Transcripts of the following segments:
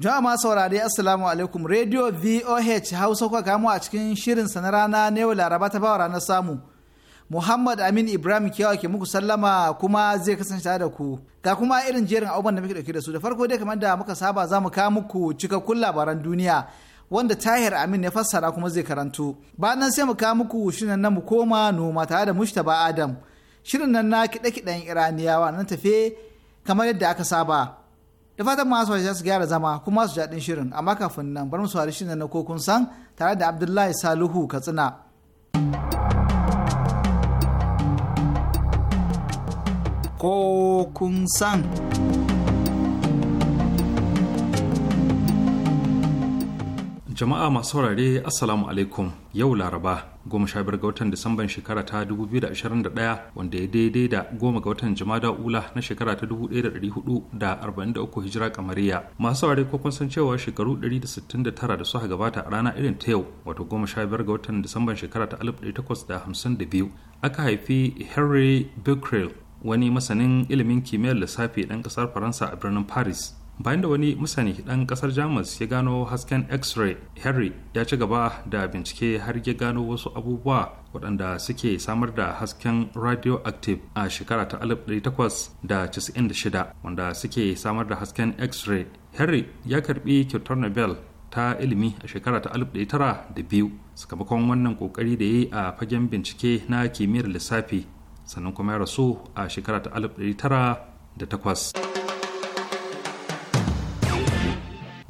Jama'a ma saurare Assalamu alaikum Radio VOH Hausa kuka kamo a cikin shirin sa na rana ne Laraba ta bawa ranar samu. Muhammad Amin Ibrahim Kiyawa ke muku sallama kuma zai kasance tare da ku. Ga kuma irin jerin abubuwan da muke dauke da su da farko dai kamar da muka saba za mu kawo muku cikakkun labaran duniya wanda Tahir Amin ya fassara kuma zai karanto. Bayan nan sai mu ka muku shirin nan mu koma noma tare da mushtaba Adam. Shirin nan na kiɗe-kiɗen Iraniyawa nan tafe kamar yadda aka saba. da fatan masu wajen su gyara zama kuma su jaɗin shirin amma kafin nan bar mu saurari shirin na kokun san tare da abdullahi saluhu katsina kokun san Jama'a masu saurare Assalamu alaikum yau Laraba goma sha biyar ga watan Disamban shekara ta 2021 wanda ya daidai da goma ga watan Jumada Ula na shekara ta 1443 hijira kamariya. Masu saurare ko kun san cewa shekaru 169 da suka gabata a rana irin ta yau wato goma sha biyar ga watan Disamban shekara ta 1852 aka haifi Henry Becquerel wani masanin ilimin kimiyyar lissafi ɗan ƙasar Faransa a birnin Paris. bayan da wani musani dan kasar jamus ya gano hasken x-ray harry ya ci gaba da bincike har ya gano wasu abubuwa waɗanda suke samar da hasken radioactive a shekara ta 1896 wanda suke samar da hasken x-ray harry ya karbi kyautar nobel ta ilimi a shekara ta 1902 sakamakon wannan kokari da ya yi a fagen bincike na kimiyyar lissafi sannan kuma ya rasu a shekara ta 1908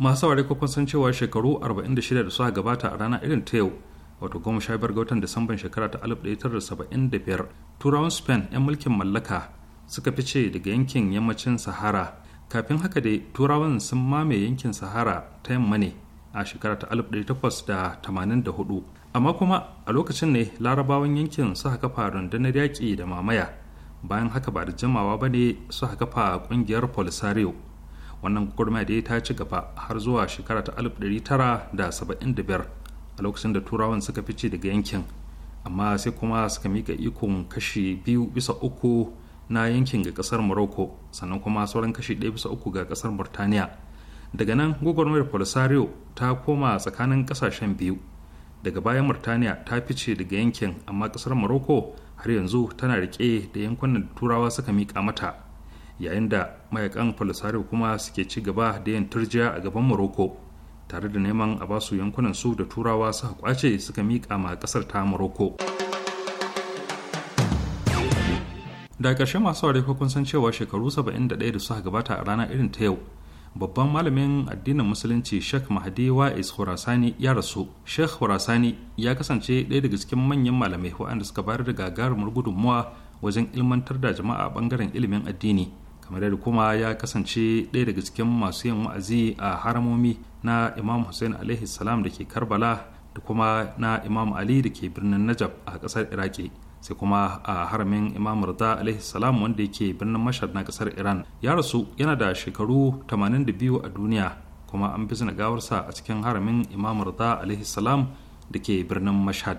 masu aure ko kun san cewa shekaru 46 da suka gabata a rana irin ta yau wato goma sha biyar ga watan disamban shekara ta 1975 turawan spain 'yan mulkin mallaka suka fice daga yankin yammacin sahara kafin haka dai turawan sun mame yankin sahara ta yamma ne a shekara ta 1884 amma kuma a lokacin ne larabawan yankin suka kafa rundunar yaƙi da mamaya bayan haka ba da jimawa ba ne suka kafa ƙungiyar polisario wannan gwagwarmaya da ta ci gaba har zuwa shekara ta 1975 a lokacin da turawan suka fice daga yankin amma sai kuma suka mika ikon kashi biyu bisa uku na yankin ga kasar morocco sannan kuma sauran kashi ɗaya bisa uku ga kasar burtaniya daga nan gwagwarmayar polisario ta koma tsakanin kasashen biyu daga bayan murtaniya ta fice daga yankin amma kasar morocco har yanzu tana rike da yankunan turawa suka mika mata yayin da mayakan polisario kuma suke ci gaba da yin turjiya a gaban morocco tare da neman a basu yankunan su da turawa suka kwace suka miƙa ma ƙasar ta morocco da ƙarshe masu ware kun san cewa shekaru 71 da suka gabata a rana irin ta yau babban malamin addinin musulunci sheikh mahdi wa'is khurasani ya rasu sheikh khurasani ya kasance ɗaya daga cikin manyan malamai waɗanda suka bayar da gagarumar gudunmuwa wajen ilmantar da jama'a bangaren ilimin addini kamar yadda kuma ya kasance ɗaya daga cikin masu yin wa'azi a haramomi na imam hussein alaihi salam da ke karbala da kuma na imam ali da ke birnin najab a ƙasar iraki sai kuma a haramin imam rada alaihi salam wanda yake birnin mashad na kasar iran ya rasu yana da shekaru 82 a duniya kuma an fi gawarsa a cikin haramin imam rada alaihi salam da ke birnin mashad.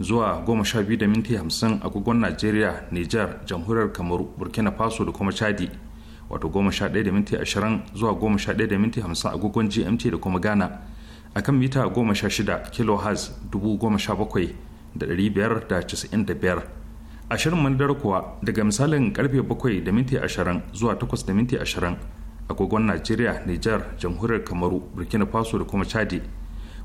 zuwa goma sha biyu da minti agogon najeriya niger jamhuriyar kamaru burkina faso da kuma chadi wato 11:20 sha ɗaya da zuwa goma sha ɗaya agogon gmt da kuma ghana akan mita goma sha shida kilohertz dubu goma bakwai da biyar da da biyar ashirin mandar kuwa daga misalin karfe bakwai da minti ashirin zuwa takwas da minti ashirin agogon najeriya niger jamhuriyar kamaru burkina faso da kuma chadi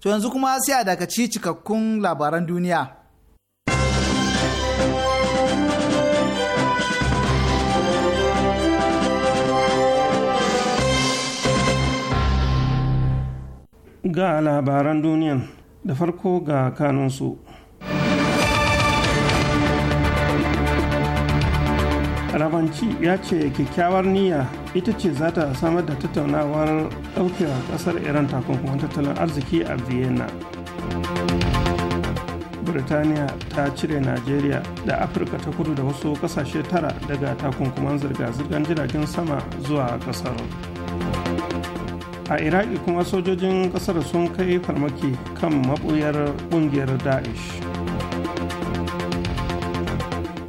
To yanzu kuma sai a dakaci cikakkun labaran duniya. Ga labaran duniyan da farko ga kanunsu. rabanci ya ce kyakkyawar niyya ita ce za ta samar da tattaunawar ɗaukewa kasar iran takunkuman tattalin arziki a vienna birtaniya ta cire nigeria da afirka ta kudu da wasu kasashe tara daga takunkuman zirga-zirgar jiragen sama zuwa kasar. a iraki kuma sojojin kasar sun kai farmaki kan maɓuyar ƙungiyar daesh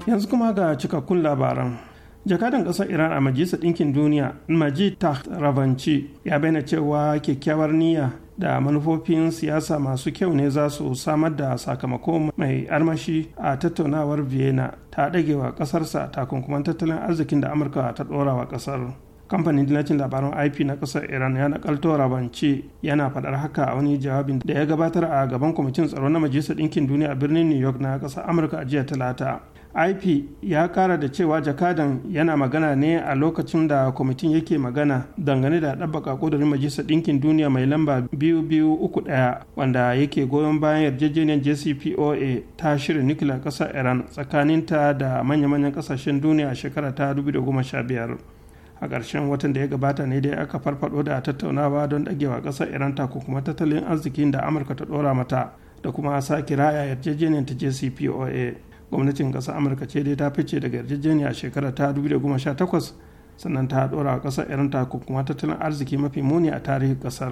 yanzu kuma ga cikakkun labaran jakadan ƙasar iran a majalisar ɗinkin duniya majid taht ravanci ya bayyana cewa kyakkyawar niyya da manufofin siyasa masu kyau ne za su samar da sakamako mai armashi a tattaunawar vienna ta ɗagewa ƙasarsa takunkuman tattalin arzikin da amurka ta ɗora wa ƙasar kamfanin dinacin labaran ip na ƙasar iran ya nakalto Rabanci, yana faɗar haka a wani jawabin da ya gabatar a gaban kwamitin tsaro na majalisar ɗinkin duniya a birnin new york na ƙasar amurka a jiya talata ip ya kara da cewa jakadan yana magana ne a lokacin da kwamitin yake magana dangane da ɗabbaka ƙudurin majalisar ɗinkin duniya mai lamba 2231 wanda yake goyon bayan yarjejeniyar jcpoa ta shirin nukiliyar ƙasar iran tsakaninta da manya-manyan ƙasashen duniya a shekara ta 2015 a ƙarshen watan da ya gabata ne dai aka farfado da tattaunawa don ɗagewa ƙasar iran ta kuma tattalin arzikin da amurka ta ɗora mata da kuma sake raya yarjejeniyar ta jcpoa gwamnatin ƙasar amurka ce dai ta fice daga yarjejeniya a shekara ta 2018 sannan ta ɗora ƙasar irin takunkuma tattalin arziki mafi muni a tarihin kasar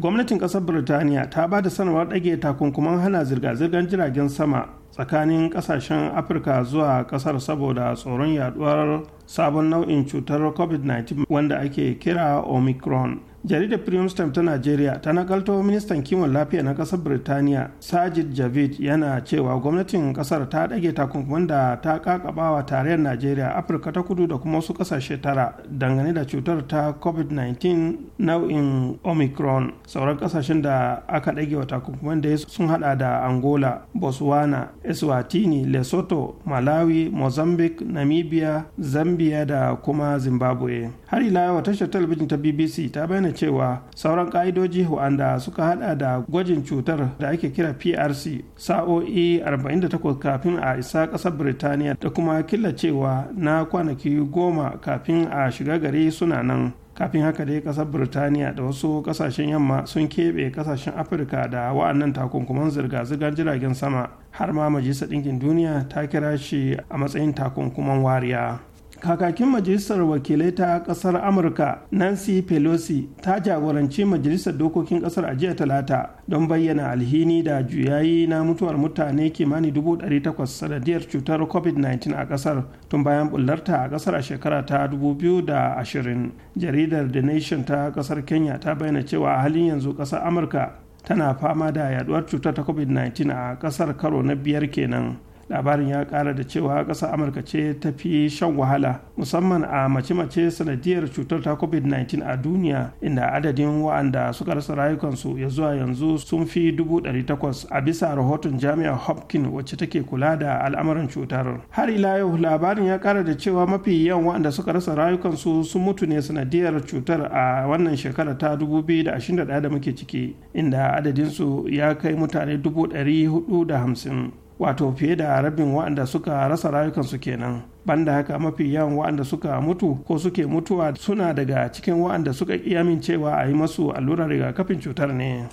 gwamnatin ƙasar birtaniya ta ba da sanarwar ɗage takunkuman hana zirga-zirgar jiragen sama tsakanin ƙasashen afirka zuwa ƙasar saboda tsoron yaduwar sabon nau'in cutar covid-19 wanda ake kira omicron jaridar primstam ta najeriya ta nakalto ministan kiwon lafiya na kasar birtaniya sajid javid yana cewa gwamnatin kasar ta dage takunkuman da ta kakabawa tarayyar najeriya afirka ta kudu da kuma wasu kasashe tara dangane da cutar ta covid-19 nau'in omicron sauran kasashen da aka ɗagewa wa takunkuman da sun hada da angola botswana eswatini lesotho malawi mozambique namibia zambia da kuma zimbabwe har ila tashar talabijin ta bbc ta bayyana da cewa sauran ka'idoji wanda suka hada da gwajin cutar da ake kira prc sa'o'i 48 kafin a isa kasar birtaniya da kuma killacewa na kwanaki goma kafin a shiga gari suna nan kafin haka dai kasar birtaniya da wasu kasashen yamma sun keɓe kasashen afirka da wa'annan takunkuman zirga-zirgar jiragen sama har ma majalisar ɗinkin duniya ta kira shi a matsayin takunkuman wariya kakakin majalisar wakilai ta kasar amurka nancy pelosi ta jagoranci majalisar dokokin kasar a jiya talata don bayyana alhini da juyayi na mutuwar mutane kimanin 800 sanadiyar cutar covid-19 a kasar tun bayan bullarta a kasar a shekara ta 2020 jaridar the nation ta kasar kenya ta bayyana cewa a halin yanzu kasar amurka tana fama da yaduwar cutar ta covid-19 a kasar karo na biyar kenan labarin ya kara da cewa ƙasar amurka ce ta fi shan wahala musamman a mace-mace sanadiyar cutar ta covid-19 a duniya inda adadin wa'anda suka rasa rayukansu ya zuwa yanzu sun fi 800 a bisa rahoton jami'ar hopkin wacce take kula da al'amuran cutar har ila yau labarin ya kara da cewa mafi yawan wa'anda suka rasa rayukansu sun mutu ne sanadiyar cutar a wannan shekara ta 2021 da muke ciki inda adadinsu ya kai mutane 450 wato fiye da rabin waɗanda suka rasa rayukansu kenan banda haka mafi yawan waɗanda suka mutu ko suke mutuwa suna daga cikin waɗanda suka iyamin cewa a yi masu allurar rigakafin cutar ne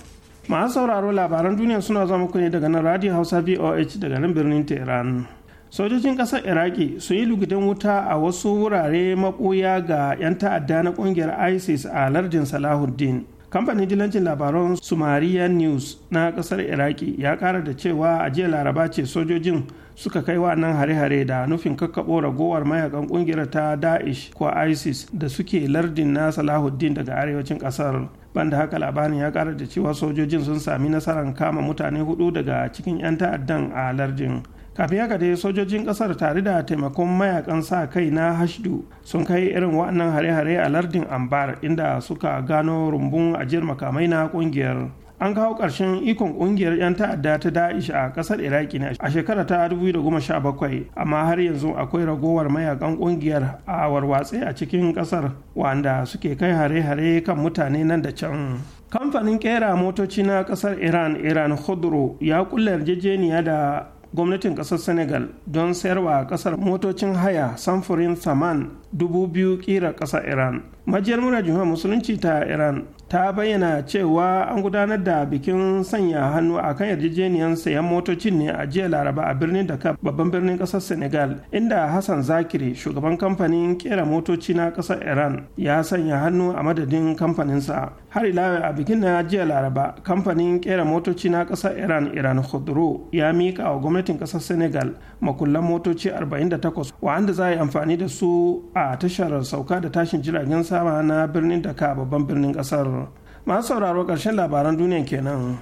masu sauraro labaran duniya suna zama muku ne daga nan radio hausa voh daga nan birnin tehran sojojin ƙasar iraki sun yi lugudan wuta a wasu wurare maɓuya ga 'yan ta'adda na ƙungiyar isis a lardin salahuddin kamfanin dilancin labaran sumariya news na kasar iraki ya kara da cewa a jiya laraba ce sojojin suka kai wa nan hare-hare da nufin kakkaɓo ragowar mayakan kungiyar ta daesh ko isis da suke lardin na salahuddin daga arewacin kasar banda haka labarin ya kara da cewa sojojin sun sami nasarar kama mutane hudu daga cikin 'yan ta'addan a lardin kafin haka dai sojojin kasar tare da taimakon mayakan sa kai na hashdu sun kai irin waɗannan hare-hare a lardin ambar inda suka gano rumbun ajiyar makamai na ƙungiyar an kawo ƙarshen ikon ƙungiyar 'yan ta'adda ta da'ish a ƙasar iraki ne a shekara ta 2017 amma har yanzu akwai ragowar mayakan ƙungiyar a warwatse a cikin ƙasar wanda suke kai hare-hare kan mutane nan da can kamfanin kera motoci na ƙasar iran iran khudro ya kulle yarjejeniya da gwamnatin kasar senegal don sayarwa a kasar motocin haya samfurin saman dubu biyu kira kasar iran majiyar mura jihar musulunci ta iran ta bayyana cewa an gudanar da bikin sanya hannu a kan yarjejeniyar sayan motocin ne a jiya laraba a birnin ka babban birnin kasar senegal inda hassan zakiri shugaban kamfanin kera motoci na kasar iran ya sanya hannu a madadin kamfaninsa har ila a bikin na jiya laraba kamfanin kera motoci na ƙasar iran iran khudro ya mika wa gwamnatin ƙasar senegal makullan motoci 48 wa'anda za a yi amfani da su a tashar sauka da tashin jiragen sama na birnin daka babban birnin ƙasar masu sauraro ƙarshen labaran duniya kenan.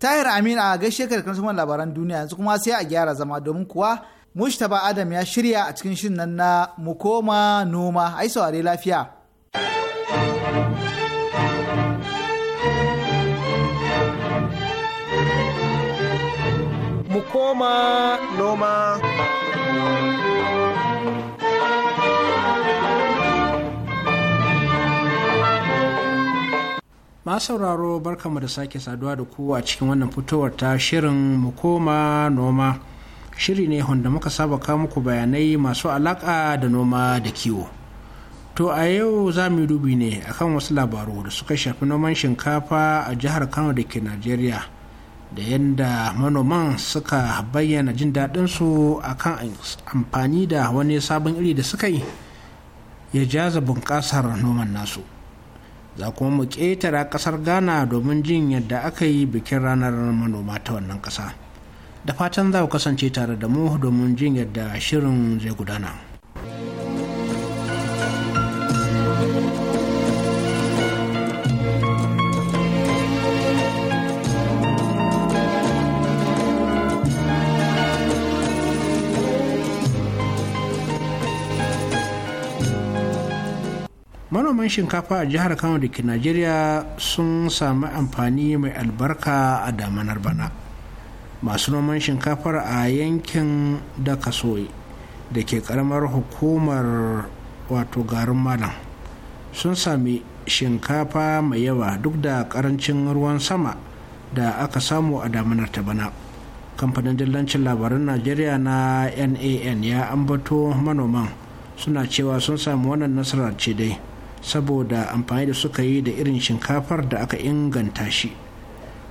tahir amin a gaishe ka da labaran duniya yanzu kuma sai a gyara zama domin kuwa mushtaba adam ya shirya a cikin shirin nan na mu koma noma ai saurare lafiya mu koma noma ma sauraro barkamu da sake saduwa da ku a cikin wannan fitowar ta shirin mu koma noma shiri ne wanda muka saba kawo muku bayanai masu alaka da noma da kiwo to a yau za mu dubi ne akan wasu labaru da suka shafi noman shinkafa a jihar kano da ke najeriya da yadda manoman suka bayyana jin daɗin su akan amfani da wani sabon iri da suka yi ya jaza bunƙasar noman nasu. za kuma mu ƙetara ƙasar ghana domin jin yadda aka yi bikin ranar manoma ta wannan ƙasa da fatan za ku kasance tare da mu domin jin yadda shirin zai gudana. manoman shinkafa a jihar kano da ke najeriya sun sami amfani mai albarka a damanar bana masu noman shinkafar a yankin da kasoi da ke karamar hukumar wato garin malam sun sami shinkafa mai yawa duk da karancin ruwan sama da aka samu a damanar ta bana kamfanin dillancin labaran najeriya na nan ya ambato manoman suna cewa sun samu wannan nasarar ce dai saboda amfani da suka yi da irin shinkafar da aka inganta shi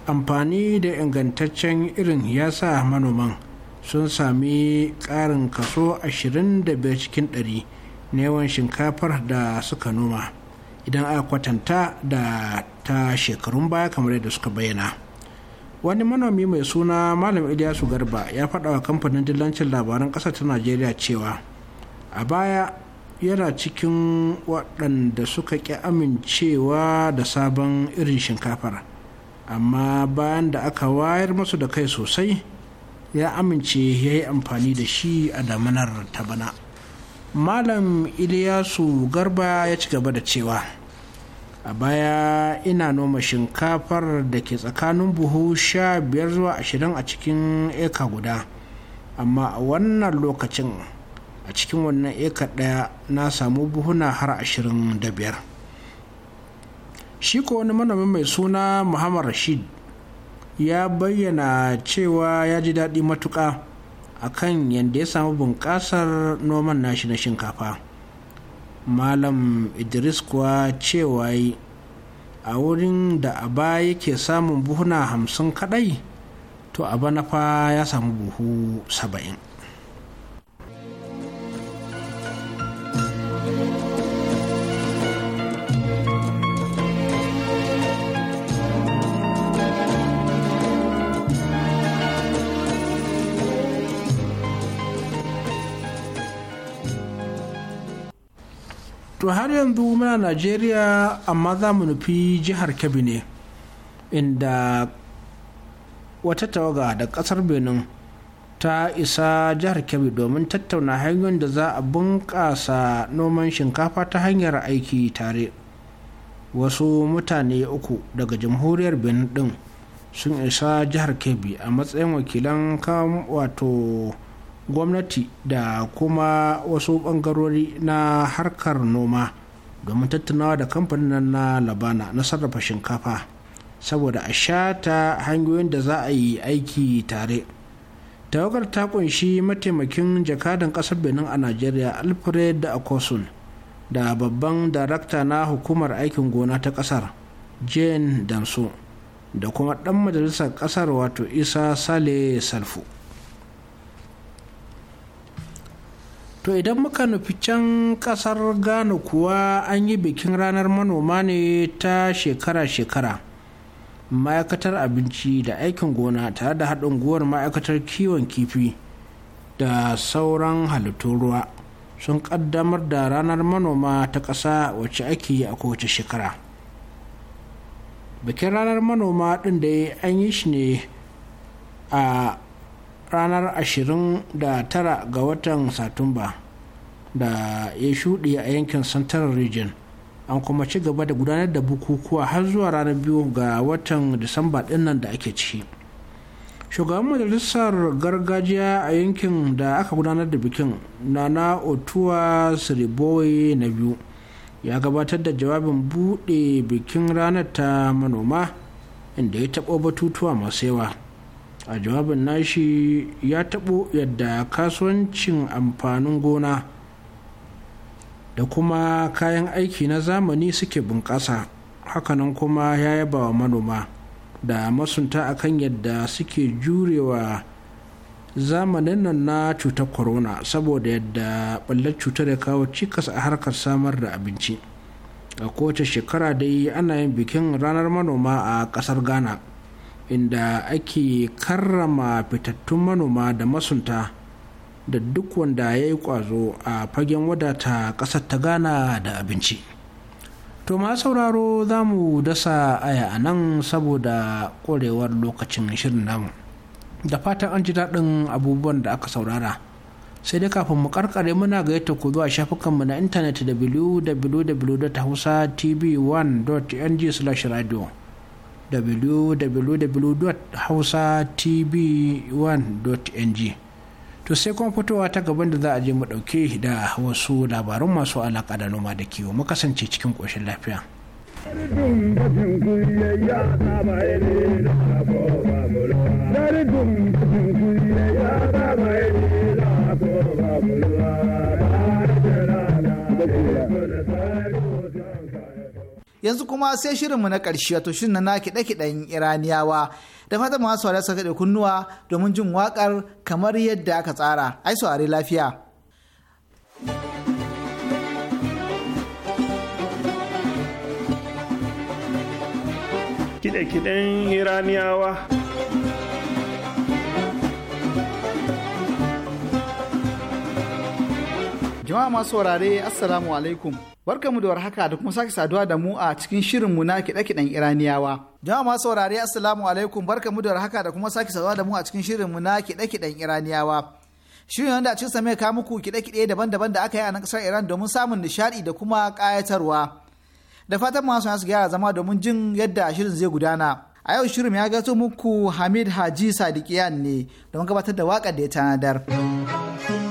amfani da ingantaccen irin ya sa manoman sun sami ƙarin kaso 25 cikin 100 na yawan shinkafar da suka noma idan aka kwatanta da ta shekarun baya kamar yadda suka bayyana wani manomi mai suna malam iliyasu garba ya faɗa wa kamfanin dillancin labaran ƙasa ta najeriya cewa a baya yana cikin waɗanda suka ƙi amincewa da sabon irin shinkafar amma bayan da aka wayar masu da kai sosai ya amince ya yi amfani da shi a damanar ta bana malam iliyasu garba ya ci gaba da cewa a baya ina noma shinkafar da ke tsakanin buhu sha biyar zuwa ashirin a cikin eka guda amma a wannan lokacin a cikin wannan eka ɗaya na samu buhuna har ashirin da biyar shi ko wani manomi mai suna muhammad rashid ya bayyana cewa ya ji daɗi matuƙa kan yadda ya samu bunƙasar noman nashi na shinkafa malam idris kuwa cewa a wurin da a baya yake samun buhuna hamsin kaɗai to a bana fa ya samu buhu saba'in to har yanzu muna najeriya amma za mu nufi jihar kebbi ne inda wata tawaga da kasar benin ta isa jihar kebbi domin tattauna hanyoyin da za a bunƙasa noman shinkafa ta hanyar aiki tare wasu mutane uku daga jamhuriyar benin din sun isa jihar kebbi a matsayin wakilan wato gwamnati da kuma wasu bangarori na harkar noma domin tattaunawa da kamfanin na labana na sarrafa shinkafa saboda a shata hanyoyin da za a yi aiki tare tawagar ta kunshi mataimakin jakadan kasar benin a nigeria alfred akosun da babban darakta na hukumar aikin gona ta kasar jane danso da kuma dan majalisar kasar wato isa sale salfu to idan muka nufi can kasar ghana kuwa an yi bikin ranar manoma ne ta shekara-shekara ma'aikatar abinci da aikin gona tare da haɗin guwar ma'aikatar kiwon kifi da sauran halittun ruwa sun ƙaddamar da ranar manoma ta ƙasa wacce ake yi a kowace shekara bikin ranar manoma ɗin da an yi shi ne a ranar 29 ga watan satumba da ya shuɗe a yankin central region an kuma ci gaba da gudanar da bukukuwa har zuwa ranar biyu ga watan disamba dinnan da ake ciki shugaban majalisar gargajiya a yankin da aka gudanar da bikin na otuwa siriboi na biyu ya gabatar da jawabin buɗe bikin ranar ta manoma inda ya taɓo batutuwa masu yawa a jawabin nashi ya taɓo yadda kasuwancin amfanin gona da kuma kayan aiki na zamani suke bunƙasa hakanan kuma ya yaba wa manoma da masunta akan yadda suke jurewa zamanin nan na cutar corona saboda yadda ɓallar cutar ya kawo cikas a harkar samar da abinci a kowace shekara dai ana yin bikin ranar manoma a ƙasar ghana inda ake karrama fitattun manoma da masunta da duk wanda ya yi kwazo a fagen wadata ƙasar ta gana da abinci to ma sauraro za mu dasa aya a nan saboda ƙwarewar lokacin shirin namu da fatan an ji daɗin abubuwan da aka saurara sai dai kafin mu karkare muna ga yadda ku zuwa shafukanmu na intanet www.hausatv1.ng/radio www.hausatv1.ng to sai kuma fitowa ta gaban da za a je mu dauke da wasu labarun masu alaƙa da noma da kiwo mu kasance cikin ƙoshin lafiya. Dari dum yanzu kuma sai shirinmu na ƙarshe wato shirin na kiɗe-kiɗen iraniyawa da fata masu saurari suka kaɗe kunnuwa domin jin waƙar kamar yadda aka tsara ai saurari lafiya kiɗe-kiɗen iraniyawa Jama'a masu saurare Assalamu alaikum. mu da warhaka da kuma sake saduwa da mu a cikin shirin mu na kiɗe-kiɗen Iraniyawa. Jama'a masu saurare Assalamu alaikum. mu da warhaka da kuma sake saduwa da mu a cikin shirin mu na kiɗe-kiɗen Iraniyawa. Shirin wanda a cikin sa mai kawo muku kiɗe-kiɗe daban-daban da aka yi a nan ƙasar Iran domin samun nishaɗi da kuma ƙayatarwa. Da fatan masu su gyara zama domin jin yadda shirin zai gudana. A yau shirin ya gato muku Hamid Haji Sadiqiyan ne don gabatar da waƙar da ya tanadar.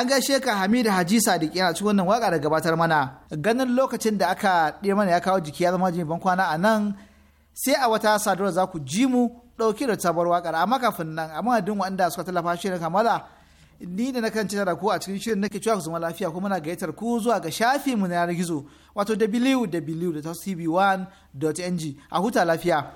an gaishe ka Hamidu Haji Sadiq yana cikin wannan waka da gabatar mana ganin lokacin da aka ɗaya mana ya kawo jiki ya zama jimi ban kwana a nan sai a wata sadarwa za ku ji mu ɗauki da sabuwar wakar amma kafin nan amma madadin waɗanda suka tallafa shirin kamala ni da na nakan ci da ku a cikin shirin nake cewa ku zama lafiya kuma muna gayyatar ku zuwa ga shafi mu na yanar gizo wato www.tv1.ng a huta lafiya.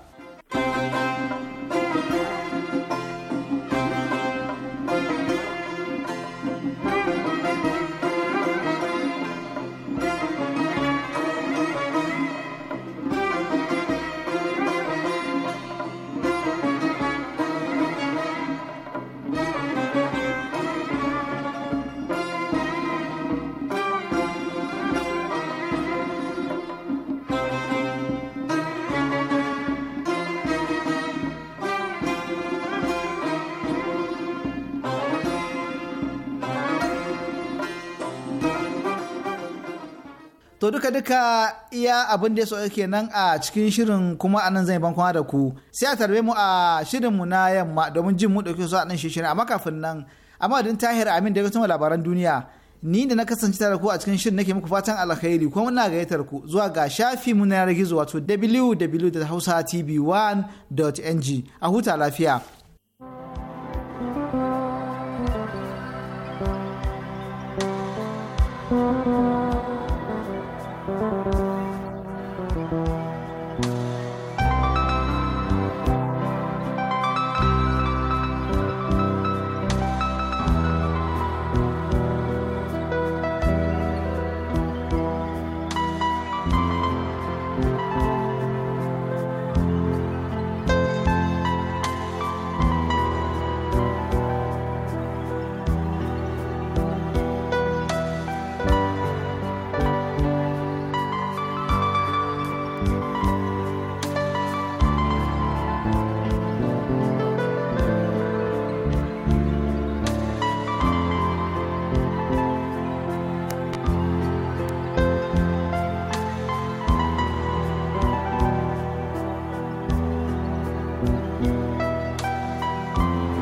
to duka duka iya abin da ya so nan a cikin shirin kuma nan zai yi da ku sai a tarbe mu a shirinmu na yamma domin jin mu dauke su a nan shirin amma kafin nan amma din tahir amin da ya labaran duniya ni da na kasance tare ku a cikin shirin nake muku fatan alkhairi kuma muna gayyatar ku zuwa ga shafi mu na yanar gizo wato www.hausatv1.ng a huta lafiya thank you Bye.